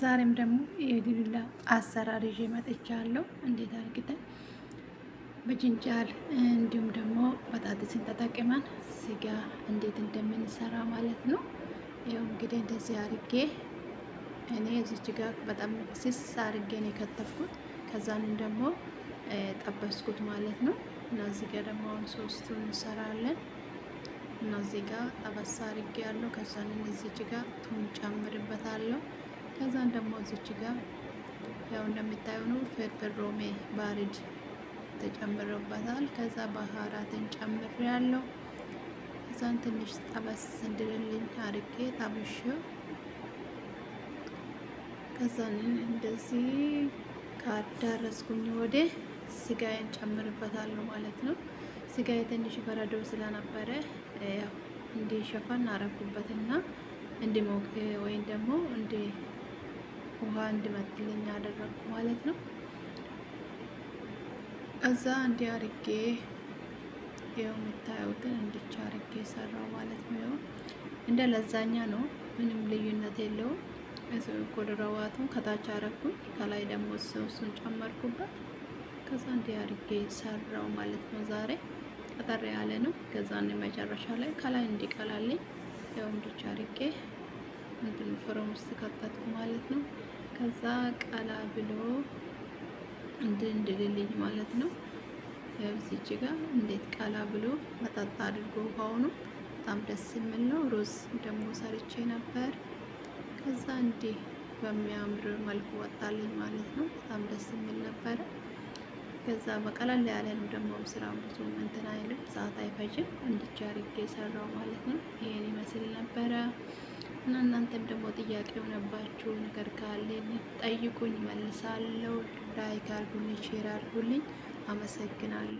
ዛሬም ደግሞ የድብላ አሰራር ይዤ መጥቻለሁ። እንዴት አድርግተን በጅንጃል እንዲሁም ደግሞ በጣጥስን ተጠቅመን ስጋ እንዴት እንደምንሰራ ማለት ነው። ይኸው እንግዲህ እንደዚህ አርጌ እኔ እዚች ጋር በጣም ስስ አርጌ ነው የከተፍኩት። ከዛንም ደግሞ ጠበስኩት ማለት ነው እና እዚህ ጋር ደግሞ አሁን ሶስቱ እንሰራለን እና እዚህ ጋር ጠበሳ አርጌ ያለው ከዛንም እዚች ጋር ቱን ጨምርበታለሁ ከዛን ደግሞ እዚች ጋር ያው እንደምታየው ነው። ፍርፍር ሮሜ ባሪድ ተጨምሮበታል። ከዛ ባህራትን ጨምር ያለው ከዛን ትንሽ ጠበስ እንድልልኝ አርጌ ታብሼው ከዛን እንደዚህ ካዳረስኩኝ ወዴ ስጋዬን ጨምርበታለሁ ማለት ነው። ስጋዬ ትንሽ በረዶ ስለነበረ ያው እንዲሸፈን አረኩበትና እንዲሞቅ ወይም ደግሞ እንዲ ውሃ እንድመጥልኝ አደረግኩ ማለት ነው። እዛ እንዲህ አርጌ ይኸው የምታዩትን እንድቻ አርጌ ሰራው ማለት ነው። ይኸው እንደ ለዛኛ ነው፣ ምንም ልዩነት የለውም። ኮድረዋቱን ከታች አረኩኝ፣ ከላይ ደግሞ እሱን ጨመርኩበት። ከዛ እንዲህ አርጌ ሰራው ማለት ነው። ዛሬ ቀጠር ያለ ነው። ከዛን መጨረሻ ላይ ከላይ እንዲቀላልኝ ያው እንድቻ አርጌ እንትን ፍሮም ውስጥ ከተትኩ ማለት ነው። ከዛ ቀላ ብሎ እንድንድልልኝ ማለት ነው። እዚች ጋር እንዴት ቀላ ብሎ መጠጣ አድርጎ ውሃውኑ በጣም ደስ የሚል ነው። ሩዝ ደግሞ ሰርቼ ነበር። ከዛ እንዲህ በሚያምር መልኩ ወጣልኝ ማለት ነው። በጣም ደስ የሚል ነበረ። ከዛ በቀላል ያለ ነው ደግሞ ስራ ብዙ እንትን አይልም፣ ሰዓት አይፈጅም። እንድቻ አድርጌ ሰራው ማለት ነው። ይሄን ይመስል ነበረ። እና እናንተም ደግሞ ጥያቄ የሆነባችሁ ነገር ካለ ጠይቁኝ፣ መልሳለሁ። ላይክ አርጉልኝ፣ ሼር አርጉልኝ። አመሰግናለሁ።